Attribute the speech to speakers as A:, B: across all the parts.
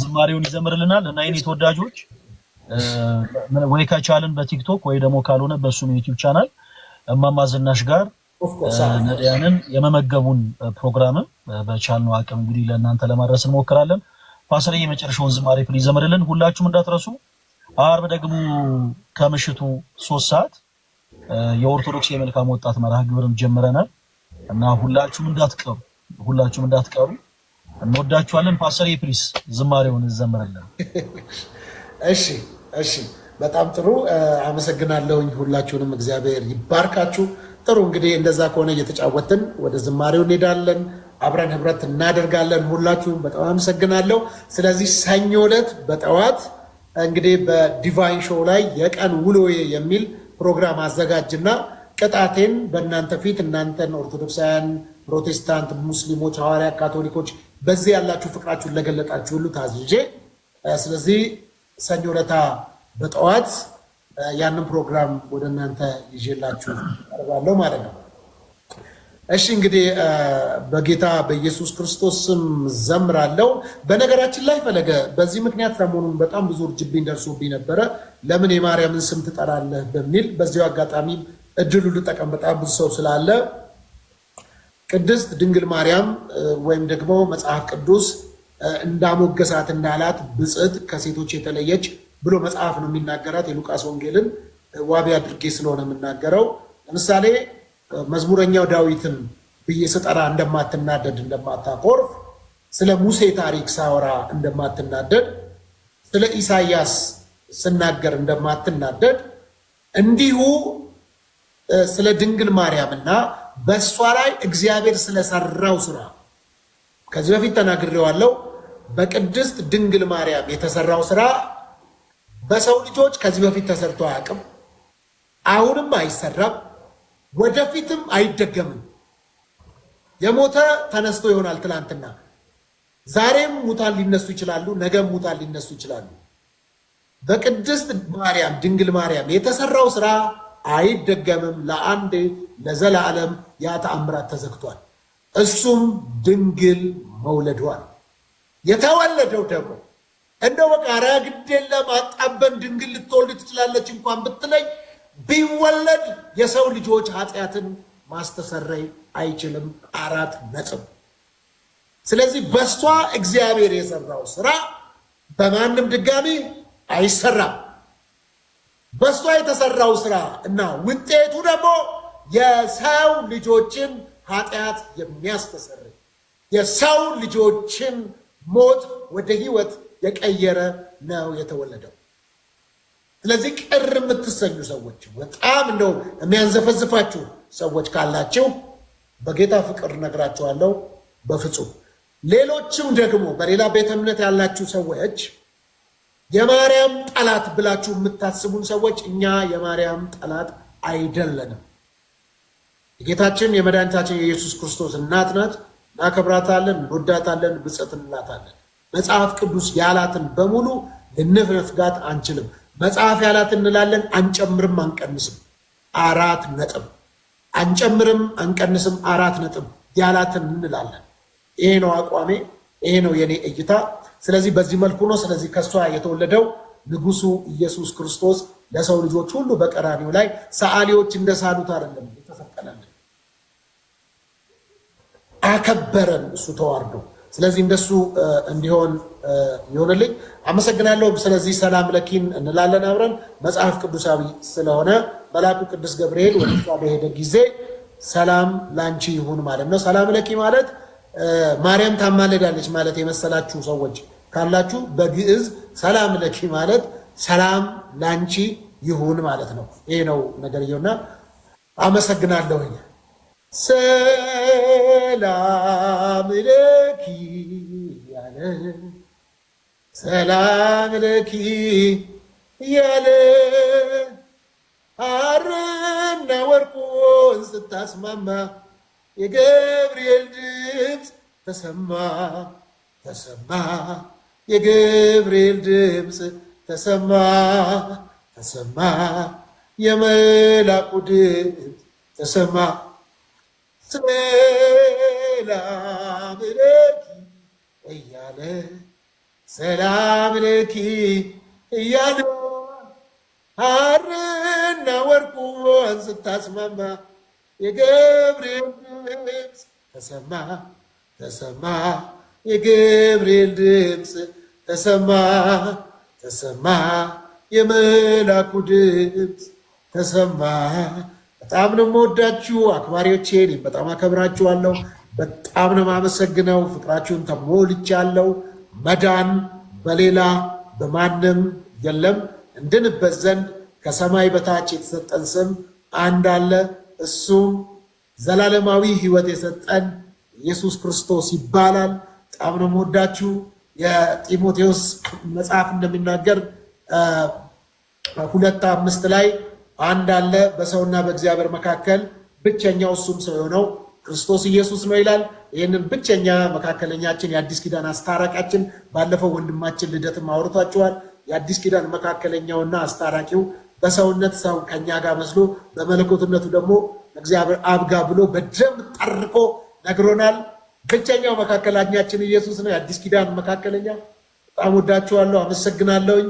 A: ዝማሬውን ይዘምርልናል እና የኔ ተወዳጆች ወይ ከቻልን በቲክቶክ ወይ ደግሞ ካልሆነ በእሱም ዩቲዩብ ቻናል እማማ ዝናሽ ጋር ነዳያንን የመመገቡን ፕሮግራምም በቻልነው አቅም እንግዲህ ለእናንተ ለማድረስ እንሞክራለን። ፓስተር የመጨረሻውን ዝማሬ ፕሊዝ ዘምርልን። ሁላችሁም እንዳትረሱ። አርብ ደግሞ ከምሽቱ ሶስት ሰዓት የኦርቶዶክስ የመልካም ወጣት መርሃ ግብርም ጀምረናል እና ሁላችሁም እንዳትቀሩ፣ ሁላችሁም እንዳትቀሩ። እንወዳችኋለን። ፓስተር ኤፕሪስ ዝማሬውን ዘምርልን።
B: እሺ፣ እሺ። በጣም ጥሩ አመሰግናለሁኝ። ሁላችሁንም እግዚአብሔር ይባርካችሁ። ጥሩ እንግዲህ እንደዛ ከሆነ እየተጫወትን ወደ ዝማሬው እንሄዳለን። አብረን ህብረት እናደርጋለን። ሁላችሁም በጣም አመሰግናለሁ። ስለዚህ ሰኞ ዕለት በጠዋት እንግዲህ በዲቫይን ሾው ላይ የቀን ውሎ የሚል ፕሮግራም አዘጋጅና ቅጣቴን በእናንተ ፊት እናንተን ኦርቶዶክሳውያን፣ ፕሮቴስታንት፣ ሙስሊሞች፣ ሐዋርያ ካቶሊኮች በዚህ ያላችሁ ፍቅራችሁን ለገለጣችሁ ሁሉ ታዝዤ፣ ስለዚህ ሰኞ ዕለት በጠዋት ያንን ፕሮግራም ወደ እናንተ ይዤላችሁ ቀርባለሁ ማለት ነው። እሺ እንግዲህ በጌታ በኢየሱስ ክርስቶስ ስም ዘምራለሁ። በነገራችን ላይ ፈለገ፣ በዚህ ምክንያት ሰሞኑን በጣም ብዙ እርጅብኝ ደርሶብኝ ነበረ። ለምን የማርያምን ስም ትጠራለህ በሚል በዚሁ አጋጣሚ እድሉ ልጠቀም፣ በጣም ብዙ ሰው ስላለ ቅድስት ድንግል ማርያም ወይም ደግሞ መጽሐፍ ቅዱስ እንዳሞገሳት እንዳላት ብጽት ከሴቶች የተለየች ብሎ መጽሐፍ ነው የሚናገራት። የሉቃስ ወንጌልን ዋቢ አድርጌ ስለሆነ የምናገረው ለምሳሌ መዝሙረኛው ዳዊትን ብዬ ስጠራ እንደማትናደድ እንደማታቆርፍ ስለ ሙሴ ታሪክ ሳወራ እንደማትናደድ፣ ስለ ኢሳያስ ስናገር እንደማትናደድ እንዲሁ ስለ ድንግል ማርያምና በእሷ ላይ እግዚአብሔር ስለሰራው ስራ ከዚህ በፊት ተናግሬዋለሁ። በቅድስት ድንግል ማርያም የተሰራው ስራ በሰው ልጆች ከዚህ በፊት ተሰርቶ አያውቅም። አሁንም አይሰራም፣ ወደፊትም አይደገምም። የሞተ ተነስቶ ይሆናል ትላንትና። ዛሬም ሙታን ሊነሱ ይችላሉ፣ ነገም ሙታን ሊነሱ ይችላሉ። በቅድስት ማርያም ድንግል ማርያም የተሰራው ስራ አይደገምም፣ ለአንድ ለዘላለም ያ ተአምራት ተዘግቷል። እሱም ድንግል መውለዷል። የተወለደው ደግሞ እንደ በቃ ኧረ ግዴለም አጣበን ድንግል ልትወልድ ትችላለች እንኳን ብትለኝ ቢወለድ የሰው ልጆች ኃጢአትን ማስተሰረይ አይችልም። አራት ነጥብ። ስለዚህ በሷ እግዚአብሔር የሰራው ስራ በማንም ድጋሚ አይሰራም። በእሷ የተሰራው ስራ እና ውጤቱ ደግሞ የሰው ልጆችን ኃጢአት የሚያስተሰር የሰው ልጆችን ሞት ወደ ህይወት የቀየረ ነው የተወለደው። ስለዚህ ቅር የምትሰኙ ሰዎች፣ በጣም እንደው የሚያንዘፈዝፋችሁ ሰዎች ካላችሁ በጌታ ፍቅር ነግራችኋለሁ፣ በፍጹም ሌሎችም ደግሞ በሌላ ቤተ እምነት ያላችሁ ሰዎች የማርያም ጠላት ብላችሁ የምታስቡን ሰዎች እኛ የማርያም ጠላት አይደለንም። የጌታችን የመድኃኒታችን የኢየሱስ ክርስቶስ እናት ናት። እናከብራታለን፣ እንወዳታለን፣ ብጸት እንላታለን። መጽሐፍ ቅዱስ ያላትን በሙሉ ልንፍጋት አንችልም። መጽሐፍ ያላት እንላለን፣ አንጨምርም፣ አንቀንስም። አራት ነጥብ። አንጨምርም፣ አንቀንስም፣ አራት ነጥብ። ያላትን እንላለን። ይሄ ነው አቋሜ፣ ይሄ ነው የኔ እይታ። ስለዚህ በዚህ መልኩ ነው። ስለዚህ ከሷ የተወለደው ንጉሱ ኢየሱስ ክርስቶስ ለሰው ልጆች ሁሉ በቀራኒው ላይ ሰዓሊዎች እንደሳሉት አይደለም የተሰቀለልን፣ አከበረን እሱ ተዋርዶ። ስለዚህ እንደሱ እንዲሆን ይሆንልኝ። አመሰግናለሁ። ስለዚህ ሰላም ለኪን እንላለን አብረን መጽሐፍ ቅዱሳዊ ስለሆነ መልአኩ ቅዱስ ገብርኤል ወደ እሷ በሄደ ጊዜ ሰላም ላንቺ ይሁን ማለት ነው። ሰላም ለኪ ማለት ማርያም ታማልዳለች ማለት የመሰላችሁ ሰዎች ካላችሁ በግዕዝ ሰላም ለኪ ማለት ሰላም ላንቺ ይሁን ማለት ነው። ይሄ ነው ነገርየውና አመሰግናለሁኝ። ሰላም ለኪ ያለ ሰላም ለኪ ያለ ሐርና ወርቁን ስታስማማ የገብርኤል ድምፅ ተሰማ ተሰማ የገብርኤል ድምፅ ተሰማ ተሰማ የመላኩ ድምፅ ተሰማ ሰላም ለኪ እያለ ሰላም ለኪ እያለ ሐርና ወርቁን ስታስማማ የገብርኤል ድምፅ ተሰማ ተሰማ የገብርኤል ድምፅ ተሰማ ተሰማ የመላኩ ድምፅ ተሰማ። በጣም ነው የምወዳችሁ አክባሪዎቼ፣ እኔም በጣም አከብራችኋለሁ። በጣም ነው የማመሰግነው። ፍቅራችሁን ተሞልቻለሁ። መዳን በሌላ በማንም የለም። እንድንበት ዘንድ ከሰማይ በታች የተሰጠን ስም አንድ አለ። እሱም ዘላለማዊ ሕይወት የሰጠን ኢየሱስ ክርስቶስ ይባላል። በጣም ነው መወዳችሁ። የጢሞቴዎስ መጽሐፍ እንደሚናገር ሁለት አምስት ላይ አንድ አለ በሰውና በእግዚአብሔር መካከል ብቸኛው እሱም ሰው የሆነው ክርስቶስ ኢየሱስ ነው ይላል። ይህንን ብቸኛ መካከለኛችን የአዲስ ኪዳን አስታራቂያችን ባለፈው ወንድማችን ልደትም አውርቷቸዋል። የአዲስ ኪዳን መካከለኛውና አስታራቂው በሰውነት ሰው ከኛ ጋር መስሎ በመለኮትነቱ ደግሞ እግዚአብሔር አብጋ ብሎ በደንብ ጠርቆ ነግሮናል። ብቸኛው መካከላኛችን ኢየሱስ ነው። የአዲስ ኪዳን መካከለኛ። በጣም ወዳችኋለሁ፣ አመሰግናለሁኝ።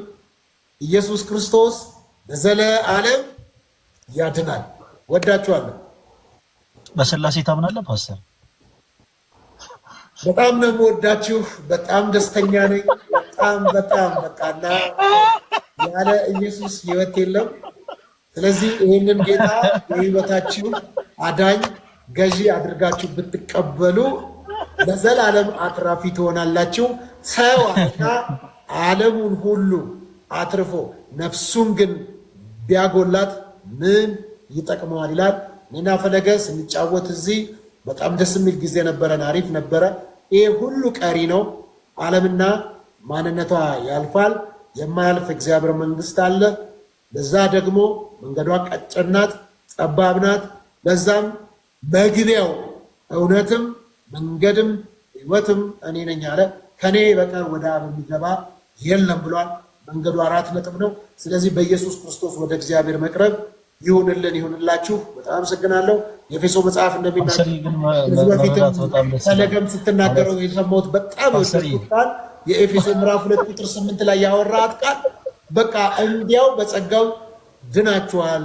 B: ኢየሱስ ክርስቶስ በዘለ ዓለም ያድናል። ወዳችኋለሁ።
A: በስላሴ ታምናለህ ፓስተር?
B: በጣም ነው የምወዳችሁ። በጣም ደስተኛ ነኝ። በጣም በጣም በቃና ያለ ኢየሱስ ህይወት የለም። ስለዚህ ይህንን ጌታ የሕይወታችሁ አዳኝ ገዢ አድርጋችሁ ብትቀበሉ ለዘላለም አትራፊ ትሆናላችሁ። ሰው አለሙን ዓለሙን ሁሉ አትርፎ ነፍሱን ግን ቢያጎላት ምን ይጠቅመዋል ይላል። እኔና ፈለገ ስንጫወት እዚህ በጣም ደስ የሚል ጊዜ ነበረን። አሪፍ ነበረ። ይህ ሁሉ ቀሪ ነው። ዓለምና ማንነቷ ያልፋል። የማያልፍ እግዚአብሔር መንግስት አለ። ለዛ ደግሞ መንገዷ ቀጭን ናት፣ ጠባብ ናት። ለዛም መግቢያው እውነትም መንገድም ህይወትም እኔ ነኝ አለ። ከኔ በቀር ወደ አብ የሚገባ የለም ብሏል። መንገዱ አራት ነጥብ ነው። ስለዚህ በኢየሱስ ክርስቶስ ወደ እግዚአብሔር መቅረብ ይሁንልን ይሁንላችሁ። በጣም አመሰግናለሁ። የፌሶ መጽሐፍ እንደሚናዚህ በፊትም ፈለገም ስትናገረው የሰማሁት በጣም ቃል የኤፌሶ ምዕራፍ ሁለት ቁጥር ስምንት ላይ ያወራት ቃል በቃ እንዲያው በጸጋው ድናችኋል።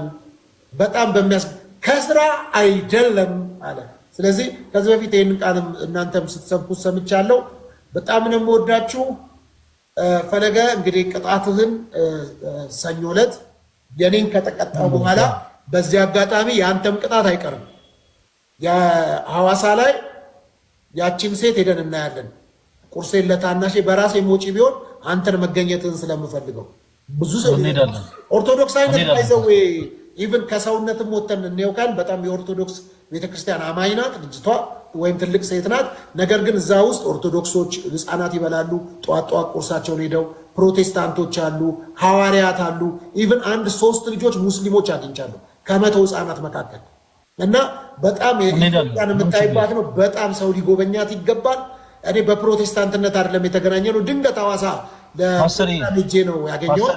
B: በጣም በሚያስ ከስራ አይደለም አለ ስለዚህ ከዚህ በፊት ይህን ቃልም እናንተም ስትሰብኩ ሰምቻለሁ። በጣም ነው የምወዳችሁ። ፈለገ እንግዲህ ቅጣትህን ሰኞ ዕለት የኔን ከጠቀጣው በኋላ በዚህ አጋጣሚ የአንተም ቅጣት አይቀርም። የሐዋሳ ላይ ያቺን ሴት ሄደን እናያለን። ቁርሴን ለታናሼ በራሴ ሞጪ ቢሆን አንተን መገኘትን ስለምፈልገው ብዙ ኦርቶዶክስ አይነት ይዘው ኢቭን ከሰውነትም ወተን እንየውካል በጣም የኦርቶዶክስ ቤተክርስቲያን አማኝ ናት ልጅቷ ወይም ትልቅ ሴት ናት። ነገር ግን እዛ ውስጥ ኦርቶዶክሶች ህፃናት ይበላሉ፣ ጠዋት ጠዋት ቁርሳቸውን ሄደው ፕሮቴስታንቶች አሉ፣ ሐዋርያት አሉ። ኢቭን አንድ ሶስት ልጆች ሙስሊሞች አግኝቻለሁ ከመቶ ህፃናት መካከል እና በጣም የኢትዮጵያን የምታይባት ነው። በጣም ሰው ሊጎበኛት ይገባል። እኔ በፕሮቴስታንትነት አይደለም የተገናኘ ነው። ድንገት ሐዋሳ ልጄ ነው ያገኘው።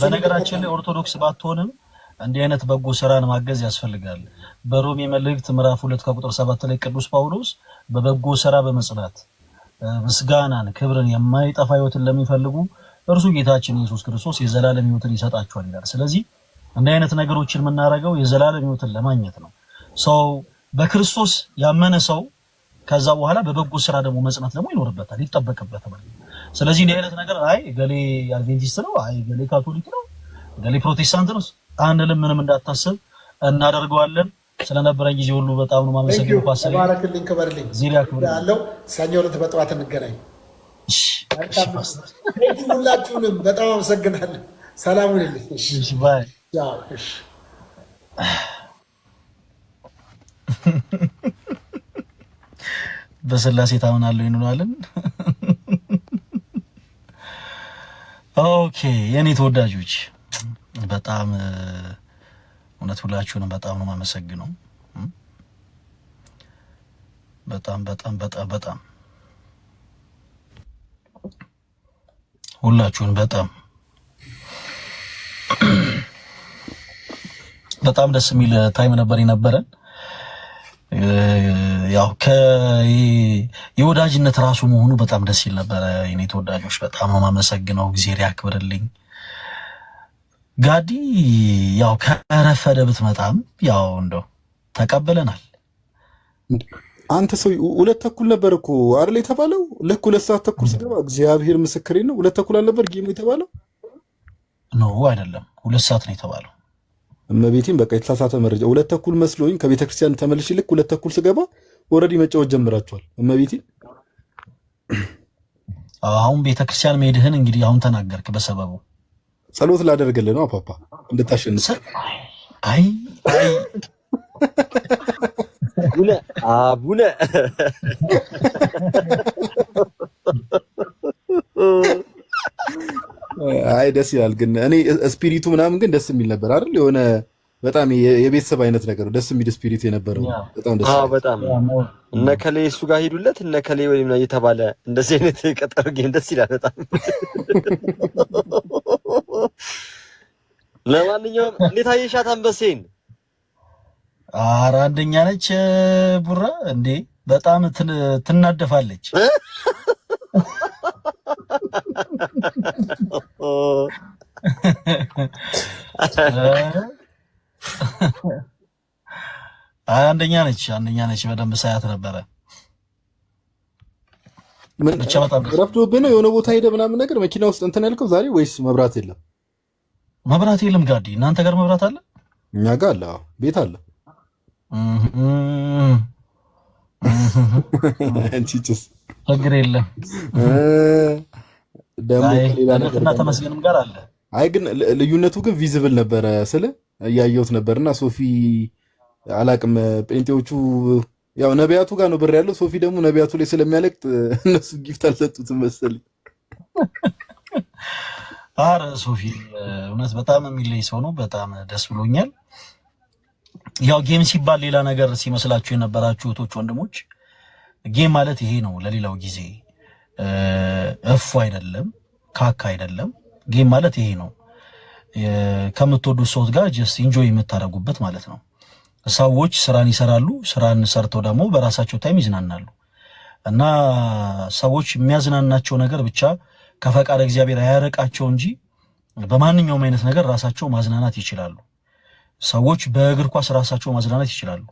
A: በነገራችን ላይ ኦርቶዶክስ ባትሆንም እንዲህ አይነት በጎ ስራን ማገዝ ያስፈልጋል። በሮሜ መልእክት ምዕራፍ ሁለት ከቁጥር ሰባት ላይ ቅዱስ ጳውሎስ በበጎ ስራ በመጽናት ምስጋናን፣ ክብርን፣ የማይጠፋ ህይወትን ለሚፈልጉ እርሱ ጌታችን ኢየሱስ ክርስቶስ የዘላለም ህይወትን ይሰጣቸዋል ይላል። ስለዚህ እንዲህ አይነት ነገሮችን የምናደርገው የዘላለም ህይወትን ለማግኘት ነው። ሰው በክርስቶስ ያመነ ሰው ከዛ በኋላ በበጎ ስራ ደግሞ መጽናት ደግሞ ይኖርበታል፣ ይጠበቅበታል። ስለዚህ እንዲህ አይነት ነገር አይ ገሌ አድቬንቲስት ነው፣ አይ ገሌ ካቶሊክ ነው፣ ገሌ ፕሮቴስታንት ነው አንልም፣ ምንም እንዳታስብ እናደርገዋለን። ስለነበረኝ ጊዜ ሁሉ በጣም ነው
B: ማመሰግነው። ኳስሬ ባረክልኝ፣ ክበርልኝ። ዚሪያ ክብር ያለው ሰኞ ዕለት በጠዋት እንገናኝ። ሁላችሁንም በጣም አመሰግናለሁ። ሰላም ይልልኝ
A: ባይ በስላሴ ታምናለሁ ይኑራልን። ኦኬ የእኔ ተወዳጆች በጣም እውነት ሁላችሁንም በጣም ነው የማመሰግነው። በጣም በጣም በጣም በጣም ሁላችሁን በጣም በጣም ደስ የሚል ታይም ነበር የነበረን። ያው የወዳጅነት ራሱ መሆኑ በጣም ደስ ይል ነበረ። የኔ ተወዳጆች በጣም ነው የማመሰግነው። ጊዜ ያክብርልኝ። ጋዲ ያው ከረፈደ ብትመጣም ያው እንደው ተቀብለናል።
B: አንተ ሰው ሁለት ተኩል ነበር እኮ አይደል የተባለው? ልክ ሁለት ሰዓት ተኩል ስገባ እግዚአብሔር ምስክሬ ነው። ሁለት ተኩል አልነበር ጌሙ የተባለው?
A: ኖ አይደለም፣ ሁለት ሰዓት ነው የተባለው።
B: እመቤቴን በቃ የተሳሳተ መረጃ። ሁለት ተኩል መስሎኝ ከቤተ ክርስቲያን ተመልሼ ልክ ሁለት ተኩል ስገባ ኦልሬዲ መጫወት ጀምራችኋል። እመቤቴን
A: አሁን ቤተ ክርስቲያን መሄድህን እንግዲህ አሁን ተናገርክ በሰበቡ
B: ጸሎት ላደርግልህ ነው አፓፓ እንድታሸንፍ። አይ አይ አቡነ አቡነ አይ ደስ ይላል ግን እኔ ስፒሪቱ ምናምን ግን ደስ የሚል ነበር አይደል? የሆነ በጣም የቤተሰብ አይነት ነገር ደስ የሚል ስፒሪት የነበረው
A: በጣም ደስ አዎ፣ በጣም እነ ከሌ እሱ ጋር ሄዱለት እነ ከሌ ወይም እየተባለ እንደዚህ አይነት ቀጠሮ ጌም ደስ ይላል በጣም ለማንኛውም እንዴት አየሻት አንበሴን?
B: አረ አንደኛ ነች ቡራ። እንዴ በጣም ትናደፋለች። አንደኛ ነች፣ አንደኛ ነች። በደንብ ሳያት ነበረ። ብቻ በጣም ረፍቶብህ ነው የሆነ ቦታ ሄደ ምናምን ነገር መኪና ውስጥ እንትን ያልከው ዛሬ ወይስ መብራት የለም?
A: መብራት የለም ጋዲ። እናንተ ጋር መብራት አለ?
B: እኛ ጋር አለ፣ ቤት አለ።
A: ችግር የለም። ተመስገንም ጋር አለ። አይ ግን ልዩነቱ ግን ቪዝብል ነበረ ስለ እያየሁት ነበር። እና ሶፊ
B: አላቅም፣ ጴንጤዎቹ ያው ነቢያቱ ጋር ነው ብር ያለው። ሶፊ ደግሞ ነቢያቱ ላይ ስለሚያለቅጥ እነሱ ጊፍት አልሰጡትም መሰለኝ
A: አረ ሶፊ እውነት በጣም የሚለይ ሰው ነው። በጣም ደስ ብሎኛል። ያው ጌም ሲባል ሌላ ነገር ሲመስላችሁ የነበራችሁ እህቶች ወንድሞች፣ ጌም ማለት ይሄ ነው። ለሌላው ጊዜ እፉ አይደለም፣ ካካ አይደለም። ጌም ማለት ይሄ ነው። ከምትወዱት ሰዎች ጋር ጀስት ኢንጆይ የምታደርጉበት ማለት ነው። ሰዎች ስራን ይሰራሉ። ስራን ሰርተው ደግሞ በራሳቸው ታይም ይዝናናሉ እና ሰዎች የሚያዝናናቸው ነገር ብቻ ከፈቃድ እግዚአብሔር አያረቃቸው እንጂ በማንኛውም አይነት ነገር ራሳቸው ማዝናናት ይችላሉ። ሰዎች በእግር ኳስ ራሳቸው ማዝናናት ይችላሉ።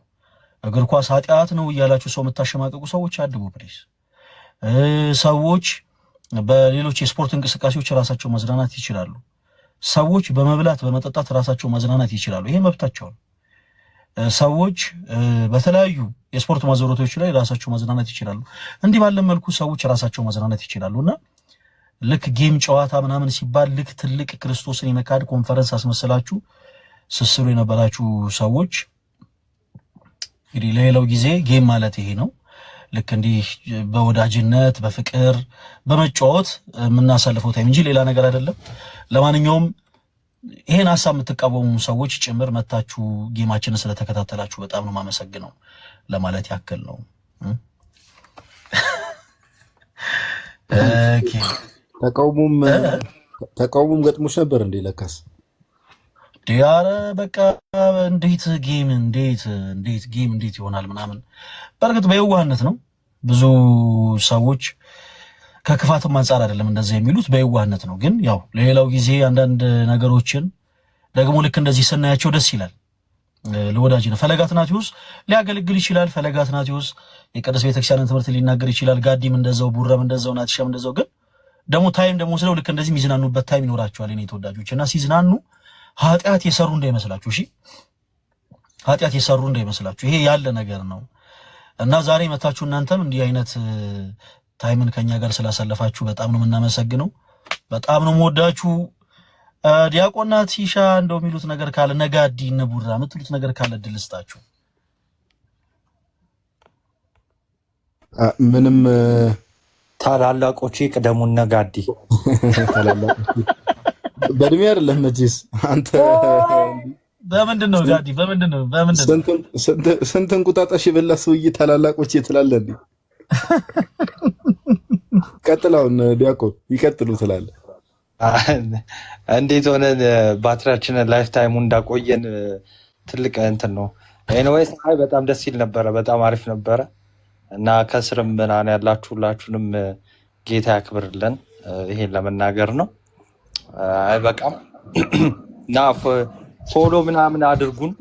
A: እግር ኳስ ኃጢአት ነው እያላችሁ ሰው የምታሸማቀቁ ሰዎች አድቡ ፕሊዝ። ሰዎች በሌሎች የስፖርት እንቅስቃሴዎች ራሳቸው ማዝናናት ይችላሉ። ሰዎች በመብላት በመጠጣት ራሳቸው ማዝናናት ይችላሉ። ይሄ መብታቸው ነው። ሰዎች በተለያዩ የስፖርት ማዘሮቶች ላይ ራሳቸው ማዝናናት ይችላሉ። እንዲህ ባለ መልኩ ሰዎች ራሳቸው ማዝናናት ይችላሉ እና ልክ ጌም ጨዋታ ምናምን ሲባል ልክ ትልቅ ክርስቶስን የመካድ ኮንፈረንስ አስመስላችሁ ስስሉ የነበራችሁ ሰዎች እንግዲህ ለሌላው ጊዜ ጌም ማለት ይሄ ነው። ልክ እንዲህ በወዳጅነት በፍቅር በመጫወት የምናሳልፈው ታይም እንጂ ሌላ ነገር አይደለም። ለማንኛውም ይሄን ሀሳብ የምትቃወሙ ሰዎች ጭምር መታችሁ ጌማችንን ስለተከታተላችሁ በጣም ነው የማመሰግነው ለማለት ያክል ነው። ኦኬ
B: ተቃውሞም ተቃውሞም ገጥሞች ነበር እንዴ? ለካስ
A: ዲያረ በቃ እንዴት ጌም እንዴት እንዴት ጌም እንዴት ይሆናል ምናምን። በእርግጥ በየዋህነት ነው። ብዙ ሰዎች ከክፋትም አንጻር አይደለም እንደዚህ የሚሉት በየዋህነት ነው። ግን ያው ለሌላው ጊዜ አንዳንድ ነገሮችን ደግሞ ልክ እንደዚህ ስናያቸው ደስ ይላል። ለወዳጅ ነው። ፈለገ አትናትዮስ ሊያገለግል ይችላል። ፈለገ አትናትዮስ የቅድስት ቤተክርስቲያንን ትምህርት ሊናገር ይችላል። ጋዲም እንደዛው፣ ቡራም እንደዛው፣ ናትሻም እንደዛው ግን ደግሞ ታይም ደግሞ ስለው ልክ እንደዚህ የሚዝናኑበት ታይም ይኖራቸዋል። እኔ ተወዳጆች እና ሲዝናኑ ኃጢአት የሰሩ እንዳይመስላችሁ፣ እሺ ኃጢአት የሰሩ እንዳይመስላችሁ። ይሄ ያለ ነገር ነው እና ዛሬ መታችሁ እናንተም እንዲህ አይነት ታይምን ከኛ ጋር ስላሳለፋችሁ በጣም ነው የምናመሰግነው። በጣም ነው የምወዳችሁ። ዲያቆና ቲሻ እንደው የሚሉት ነገር ካለ ነጋዲ ነቡራ የምትሉት ነገር ካለ እድል ስጣችሁ።
B: ምንም ታላላቆቼ ቅደሙና ጋዲ በእድሜ አይደለም መቼስ አንተ
A: በምንድን ነው ጋዲ በምንድን ነው
B: ስንት እንቁጣጣሽ የበላ ሰውዬ ታላላቆች ትላለህ ቀጥላውን ዲያቆን ይቀጥሉ ትላለህ እንዴት ሆነ ባትሪያችንን ላይፍ ታይሙ እንዳቆየን ትልቅ እንትን ነው ኤኒዌይስ አይ በጣም ደስ ይል ነበረ በጣም አሪፍ ነበረ እና ከስርም ምናን ያላችሁ ሁላችሁንም ጌታ ያክብርልን። ይሄን ለመናገር ነው። አይበቃም እና ፎሎ ምናምን አድርጉን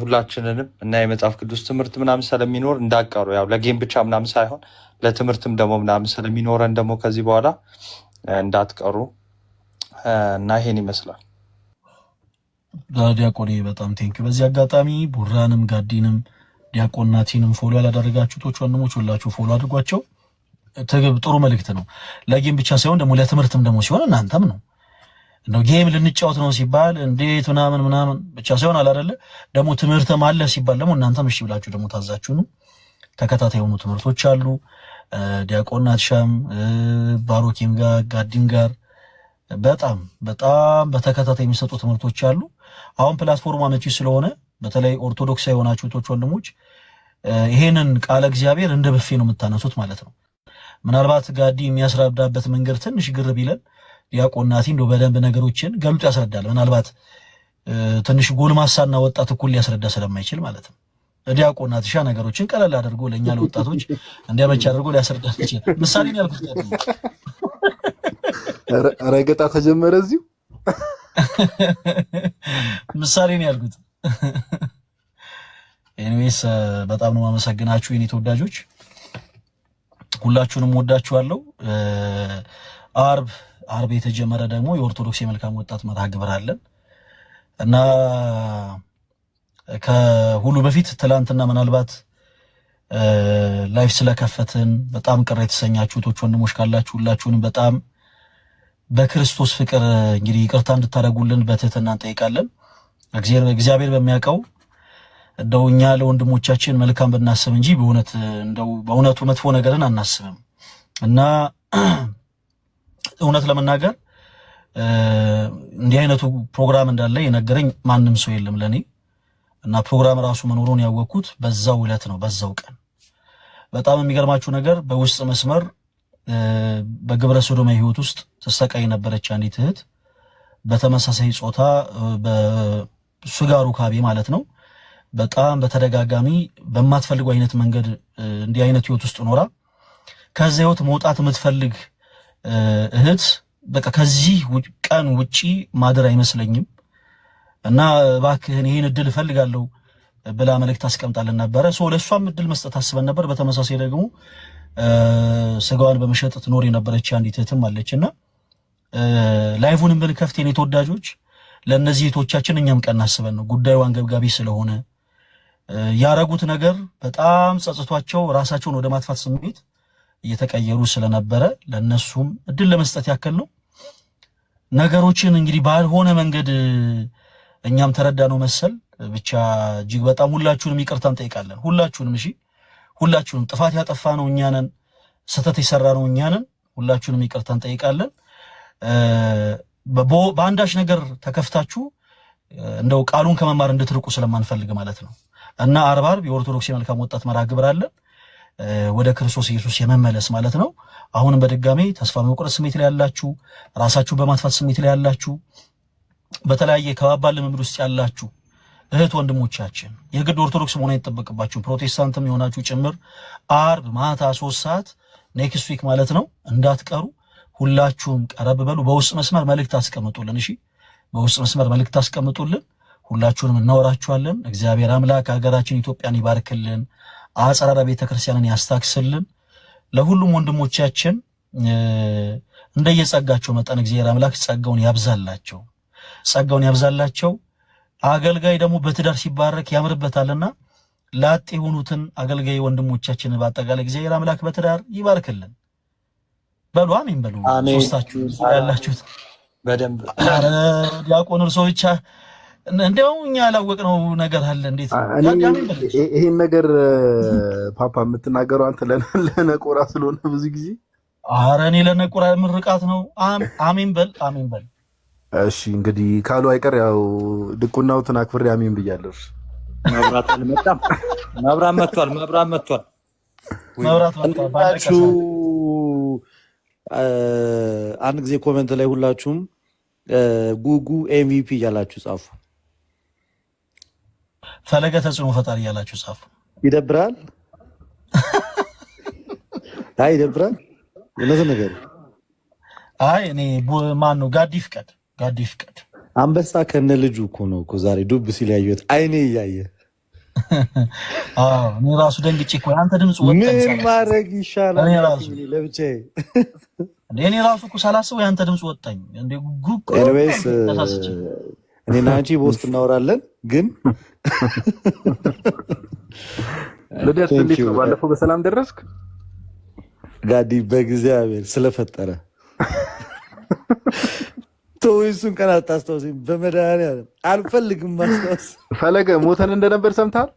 B: ሁላችንንም እና የመጽሐፍ ቅዱስ ትምህርት ምናምን ስለሚኖር እንዳቀሩ ያው ለጌም ብቻ ምናምን ሳይሆን ለትምህርትም ደግሞ ምናምን ስለሚኖረን ደግሞ ከዚህ በኋላ እንዳትቀሩ እና ይሄን ይመስላል።
A: ዲያቆኔ በጣም ቴንክ በዚህ አጋጣሚ ቡራንም ጋዲንም ዲያቆን ናቲንም ፎሎ ያላደረጋችሁ ቶች ወንድሞች ሁላችሁ ፎሎ አድርጓቸው። ትግብ ጥሩ መልእክት ነው። ለጌም ብቻ ሳይሆን ደግሞ ለትምህርትም ደግሞ ሲሆን እናንተም ነው ነው ጌም ልንጫወት ነው ሲባል እንዴት ምናምን ምናምን ብቻ ሳይሆን አላደለ ደግሞ ትምህርትም አለ ሲባል ደግሞ እናንተም እሺ ብላችሁ ደግሞ ታዛችሁ ነው። ተከታታይ የሆኑ ትምህርቶች አሉ። ዲያቆን ናትሻም ባሮኪም ጋር ጋዲም ጋር በጣም በጣም በተከታታይ የሚሰጡ ትምህርቶች አሉ። አሁን ፕላትፎርም አመቺ ስለሆነ በተለይ ኦርቶዶክስ የሆናችሁ እህቶች ወንድሞች ይሄንን ቃለ እግዚአብሔር እንደ ብፌ ነው የምታነሱት ማለት ነው። ምናልባት ጋዲ የሚያስረዳበት መንገድ ትንሽ ግር ቢለን ዲያቆናቲ እንደ በደንብ ነገሮችን ገልጦ ያስረዳል። ምናልባት ትንሽ ጎልማሳና ወጣት እኩል ሊያስረዳ ስለማይችል ማለት ነው። ዲያቆናት ሻ ነገሮችን ቀለል አድርጎ ለእኛ ለወጣቶች እንዲያመች አድርጎ ሊያስረዳ ይችላል። ምሳሌ ያልኩት
B: ረገጣ ተጀመረ እዚሁ
A: ምሳሌ ነው ያልኩት። ኤኒዌይስ uh, በጣም ነው ማመሰግናችሁ የኔ ተወዳጆች፣ ሁላችሁንም ወዳችኋለሁ። uh, አርብ አርብ የተጀመረ ደግሞ የኦርቶዶክስ የመልካም ወጣት መርሃ ግብር አለን እና ከሁሉ በፊት ትላንትና ምናልባት uh, ላይፍ ስለከፈትን በጣም ቅር የተሰኛችሁ ቶች ወንድሞች ካላችሁ ሁላችሁንም በጣም በክርስቶስ ፍቅር እንግዲህ ይቅርታ እንድታደርጉልን በትህትና እንጠይቃለን። እግዚአብሔር በሚያውቀው እንደው እኛ ለወንድሞቻችን መልካም ብናስብ እንጂ በእውነት እንደው በእውነቱ መጥፎ ነገርን አናስብም እና እውነት ለመናገር እንዲህ አይነቱ ፕሮግራም እንዳለ የነገረኝ ማንም ሰው የለም ለእኔ እና ፕሮግራም ራሱ መኖሩን ያወቅኩት በዛው ዕለት ነው፣ በዛው ቀን። በጣም የሚገርማችሁ ነገር በውስጥ መስመር በግብረ ሰዶማ ህይወት ውስጥ ተሰቃይ የነበረች አንዲት እህት በተመሳሳይ ጾታ ስጋ ሩካቤ ማለት ነው። በጣም በተደጋጋሚ በማትፈልገው አይነት መንገድ እንዲህ አይነት ህይወት ውስጥ ኖራ ከዚያ ህይወት መውጣት የምትፈልግ እህት በቃ ከዚህ ቀን ውጪ ማደር አይመስለኝም እና እባክህን ይህን እድል እፈልጋለሁ ብላ መልእክት አስቀምጣልን ነበረ። ለእሷም እድል መስጠት አስበን ነበር። በተመሳሳይ ደግሞ ስጋዋን በመሸጥ ትኖር የነበረች አንዲት እህትም አለች እና ላይፉንም ብንከፍት የኔ ተወዳጆች ለእነዚህ እህቶቻችን እኛም ቀን አስበን ነው። ጉዳዩ አንገብጋቢ ስለሆነ ያረጉት ነገር በጣም ጸጽቷቸው ራሳቸውን ወደ ማጥፋት ስሜት እየተቀየሩ ስለነበረ ለእነሱም እድል ለመስጠት ያክል ነው። ነገሮችን እንግዲህ ባልሆነ መንገድ እኛም ተረዳ ነው መሰል። ብቻ እጅግ በጣም ሁላችሁንም ይቅርታ እንጠይቃለን። ሁላችሁንም እሺ፣ ሁላችሁንም ጥፋት ያጠፋ ነው እኛንን፣ ነን፣ ስህተት የሰራ ነው እኛንን። ሁላችሁንም ይቅርታ እንጠይቃለን። በአንዳች ነገር ተከፍታችሁ እንደው ቃሉን ከመማር እንድትርቁ ስለማንፈልግ ማለት ነው እና አርብ አርብ የኦርቶዶክስ የመልካም ወጣት መርሃ ግብር አለን። ወደ ክርስቶስ ኢየሱስ የመመለስ ማለት ነው። አሁንም በድጋሜ ተስፋ መቁረጥ ስሜት ላይ ያላችሁ፣ ራሳችሁን በማጥፋት ስሜት ላይ ያላችሁ፣ በተለያየ ከባባል ልምምድ ውስጥ ያላችሁ እህት ወንድሞቻችን የግድ ኦርቶዶክስ መሆን አይጠበቅባችሁ፣ ፕሮቴስታንትም የሆናችሁ ጭምር አርብ ማታ ሶስት ሰዓት ኔክስት ዊክ ማለት ነው እንዳትቀሩ ሁላችሁም ቀረብ በሉ። በውስጥ መስመር መልእክት አስቀምጡልን። እሺ፣ በውስጥ መስመር መልእክት አስቀምጡልን። ሁላችሁንም እናወራችኋለን። እግዚአብሔር አምላክ ሀገራችን ኢትዮጵያን ይባርክልን፣ አጸራራ ቤተክርስቲያንን ያስታክስልን። ለሁሉም ወንድሞቻችን እንደየጸጋቸው መጠን እግዚአብሔር አምላክ ጸጋውን ያብዛላቸው፣ ጸጋውን ያብዛላቸው። አገልጋይ ደግሞ በትዳር ሲባረክ ያምርበታልና ላጥ የሆኑትን አገልጋይ ወንድሞቻችን በአጠቃላይ እግዚአብሔር አምላክ በትዳር ይባርክልን። በሉ አሜን በሉ። ሶስታችሁ ያላችሁት በደንብ ዲያቆን እርሶ ብቻ እንዲያውም እኛ ያላወቅነው ነገር አለ።
B: እንዴት ይሄን ነገር ፓፓ የምትናገረው አንተ ለነቆራ ስለሆነ ብዙ ጊዜ
A: ኧረ እኔ ለነቆራ ምርቃት ነው። አሜን በል አሜን በል።
B: እሺ እንግዲህ ካሉ አይቀር ያው ድቁናው አክብሬ አሜን ብያለሁ።
A: መብራት አልመጣም። መብራት መጥቷል። መብራት መጥቷል። መብራት
B: መጥቷል። አንድ ጊዜ ኮመንት ላይ ሁላችሁም ጉጉ ኤምቪፒ እያላችሁ ጻፉ።
A: ፈለገ ተጽዕኖ ፈጣሪ እያላችሁ ጻፉ።
B: ይደብራል። አይ ይደብራል። እነዚ ነገር
A: አይ እኔ ማን ነው ጋዲ ፍቀድ፣ ጋዲ ፍቀድ
B: አንበሳ ከነ ልጁ እኮ ነው እኮ ዛሬ ዱብ ሲል ያየሁት አይኔ እያየ
A: እኔ ራሱ ደንግጬ እኮ አንተ ድምፅ
B: ወጣ። ምን ማድረግ ይሻላል?
A: እኔ ራሱ እኮ ሳላስበው የአንተ ድምፅ ወጣኝ።
B: እኔና አንቺ በውስጥ እናወራለን፣ ግን
A: ልደት እንዴት ነው? ባለፈው በሰላም ደረስክ?
B: ጋዲ በእግዚአብሔር ስለፈጠረ
A: ተወይሱን ቀን አታስታውሰኝ፣ በመድኃኒዓለም አልፈልግም ማስታወስ።
B: ፈለገ ሞተን እንደነበር ሰምተሃል?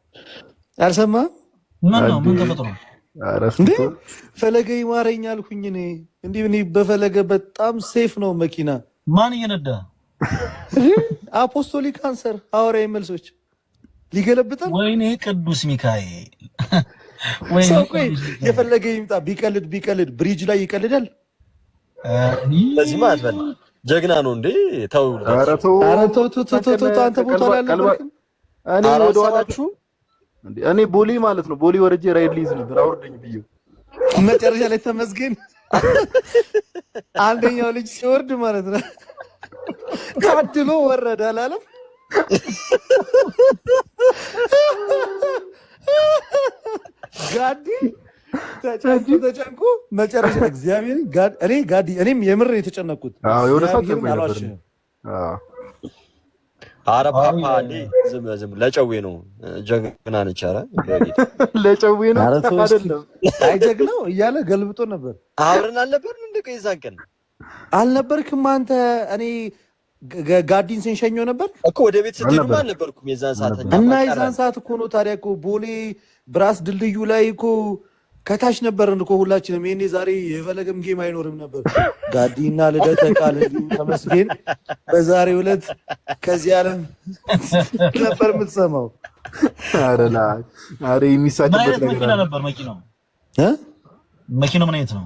A: አልሰማህም? እንደ ፈለገ ይማረኝ አልኩኝ። እኔ እንዲህ እኔ በፈለገ በጣም ሴፍ ነው መኪና። ማን እየነዳ አፖስቶሊክ ካንሰር ሐዋርያዊ መልሶች ሊገለብጠን። ወይኔ ቅዱስ ሚካኤል የፈለገ ይምጣ ቢቀልድ ቢቀልድ ብሪጅ ላይ ይቀልዳል። ለዚህማ አትበላ ጀግና ነው እንዴ! ተው
B: አንተ ቦታ
A: ላለሁ እኔ ቦሌ ማለት ነው ቦሌ ወረጄ ራይድ ሊዝ ነበር አውርደኝ ብዬ መጨረሻ ላይ ተመስገን አንደኛው ልጅ ሲወርድ ማለት ነው ታድሎ ወረደ አላለም። ጋዲ ተጨንኩ መጨረሻ እግዚአብሔር ጋዲ እኔም የምር የተጨነኩት አረ ፓፓ ዝም ዝም ለጨዌ ነው። ጀግና ነች። ለጨዌ ነው አይደለም እያለ ገልብጦ ነበር። አብረን አልነበርን እንደ ቀን አልነበርክም አንተ። እኔ ጋዲን ስንሸኘው ነበር እኮ ወደ ቤት አልነበርኩም የዛን ሰዓት እና የዛን ሰዓት እኮ ነው ታዲያ እኮ ቦሌ ብራስ ድልድዩ ላይ እኮ ከታች ነበርን እኮ ሁላችንም። ይሄኔ ዛሬ የፈለገም ጌም አይኖርም ነበር። ጋዲና ልደተ ቃል ተመስገን በዛሬ ዕለት ከዚህ ዓለም ነበር የምትሰማው።
B: አረ የሚሳጭበት
A: ነገር ነበር። መኪናው መኪናው ምን አይነት ነው?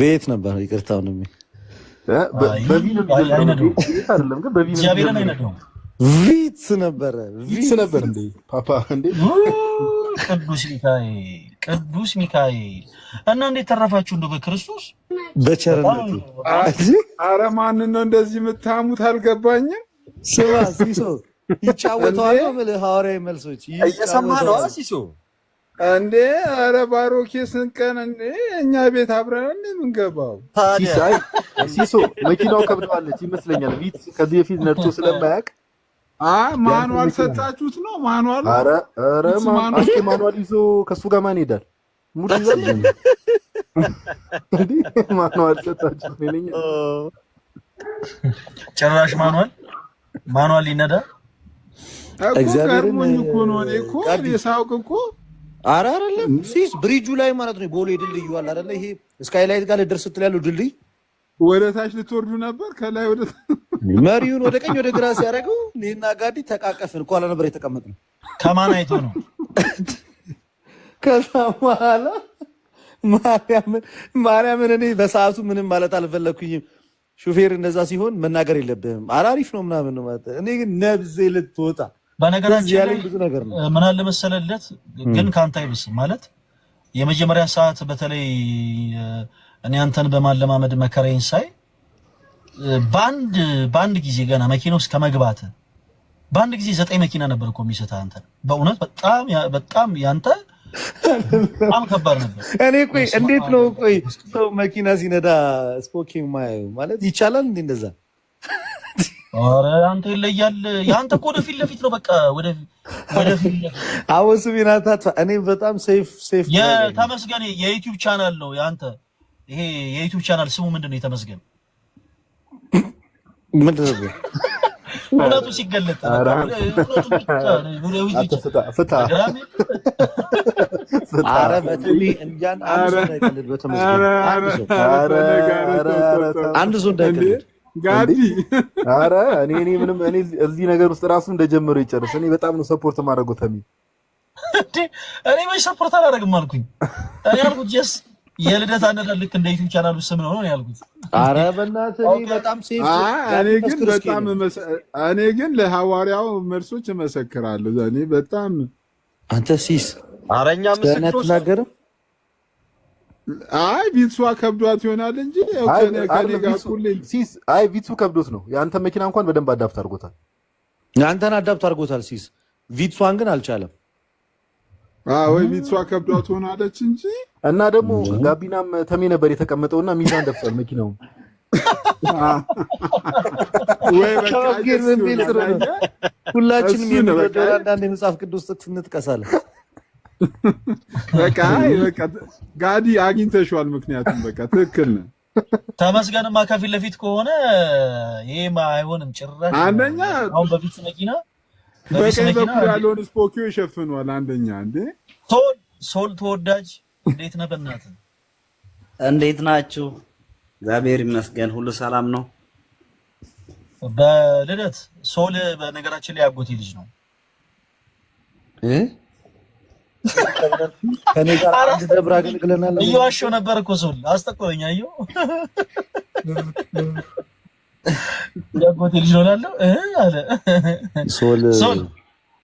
B: ቤት ነበር። ይቅርታ ወንድሜ፣ ቪትስ ነበረ። ቪትስ ነበር እንዴ ፓፓ እንዴ
A: ቅዱስ ቅዱስ ሚካኤል እና እንዴት ተረፋችሁ? እንደው በክርስቶስ
B: በቸርነቱ። አረ ማንን ነው እንደዚህ የምታሙት? አልገባኝም።
A: ስማ ሲሶ ይጫወተዋል ብለህ ሐዋርያዊ መልሶች እየሰማ ነው ሲሶ
B: እንዴ አረ ባሮኬ ስንቀን እንዴ እኛ ቤት አብረን እንዴ የምንገባው
A: ሲሶ መኪናው ከብደዋለች ይመስለኛል ቪት ከዚህ በፊት ነድቶ ስለማያውቅ ማኑዋል ሰጣችሁት ነው? ማኑዋል
B: ማኑዋል ይዞ ከእሱ ጋር ማን ይሄዳል?
A: ሙድ ይዛል ማኑዋል ሰጣችሁት ይለኛል። ጭራሽ ማኑዋል ማኑዋል ይነዳ እግዚአብሔርን እኮ ነው። እኔ እኮ ሳውቅ እኮ ኧረ አይደለም ሲስ ብሪጁ ላይ ማለት ነው ቦሌ ድልድዩ አለ አይደለ? ይሄ ስካይላይት ጋር ልደርስ ስትል ያለው ድልድይ
B: ወደ ታች ልትወርዱ ነበር። ከላይ ወደ
A: መሪውን ወደ ቀኝ ወደ ግራ ሲያደርገው እኔና ጋዲ ተቃቀፍን። ኋላ ነበር የተቀመጥ ነው። ከማን አይቶ ነው? ከዛ በኋላ ማርያምን እኔ በሰዓቱ ምንም ማለት አልፈለግኩኝም። ሹፌር እንደዛ ሲሆን መናገር የለብህም አራሪፍ ነው ምናምን ነው ማለት። እኔ ግን ነብዜ ልትወጣ በነገራችን ላይ ብዙ ነገር ነው ምን አለ ግን ከአንተ አይብስም ማለት የመጀመሪያ ሰዓት በተለይ እኔ አንተን በማለማመድ መከራዬን ሳይ በአንድ በአንድ ጊዜ ገና መኪና ውስጥ ከመግባት በአንድ ጊዜ ዘጠኝ መኪና ነበር እኮ የሚሰጥህ አንተ። በእውነት በጣም በጣም ያንተ በጣም ከባድ ነበር።
B: እኔ ቆይ እንዴት ነው ቆይ ሰው መኪና ሲነዳ ስፖኪንግ ማየው ማለት ይቻላል እንዴ? እንደዛ
A: ኧረ አንተ ይለያል። የአንተ እኮ ወደፊት ለፊት ነው በቃ ወደፊት ወደፊት።
B: አወሱ እኔ በጣም ሴፍ ሴፍ
A: ተመስገን የዩቲዩብ ቻናል ነው የአንተ ይሄ የዩቱብ ቻናል ስሙ ምንድን ነው? የተመስገን ምንድን እውነቱ ሲገለጥ
B: አንድ ሰው እንዳይቀልድ ጋዲ እኔ እኔ ምንም እኔ እዚህ ነገር ውስጥ ራሱ እንደጀመረው ይጨርስ። እኔ በጣም ነው ሰፖርት ማድረግ ተሚ
A: እኔ ሰፖርት አላደርግም አልኩኝ። እኔ አልኩት ጀስት የልደት አነዳር ልክ እንደ ዩቲዩብ ቻናሉ ስም ነው ነው ያልኩት።
B: አረ በእናትህ በጣም ሴፍ። እኔ ግን በጣም እኔ ግን ለሐዋርያው መልሶች እመሰክራለሁ። እኔ በጣም
A: አንተ ሲስ አረኛ ምስክሮች ነገር
B: አይ ቢትሱ ከብዷት ይሆናል እንጂ
A: ሲስ አይ ቢትሱ ከብዶት ነው። የአንተ መኪና እንኳን በደንብ አዳፕት አድርጎታል። የአንተን አዳፕት አድርጎታል ሲስ ቪትሷን ግን አልቻለም።
B: ወይ ቤቷ ከብዷ ትሆናለች እንጂ
A: እና ደግሞ ጋቢናም ተሜ ነበር የተቀመጠውና ሚዛን ደፍቷል መኪናው ሁላችንም የሚወደው አንዳንድ የመጽሐፍ ቅዱስ ጥቅስ እንጥቀሳለን።
B: በቃ ጋዲ አግኝተሽዋል። ምክንያቱም በቃ ትክክል ነህ።
A: ተመስገንማ ከፊት ለፊት ከሆነ ይሄማ አይሆንም ጭራሽ። አንደኛ አሁን በፊት መኪና
B: በቀኝ በኩል ያለውን ስፖኪዮ ይሸፍኗል። አንደኛ እንዴ
A: ሶል ተወዳጅ እንዴት ነህ? እንዴት ናችሁ? እግዚአብሔር ይመስገን ሁሉ ሰላም ነው። በልደት ሶል በነገራችን ላይ አጎቴ ልጅ ነው። ከኔ ጋር አንድ ደብር አገልግለናል። ነበር እኮ ሶል አስጠቆኛ ያጎቴ ልጅ ሆናለሁ አለ
B: ሶል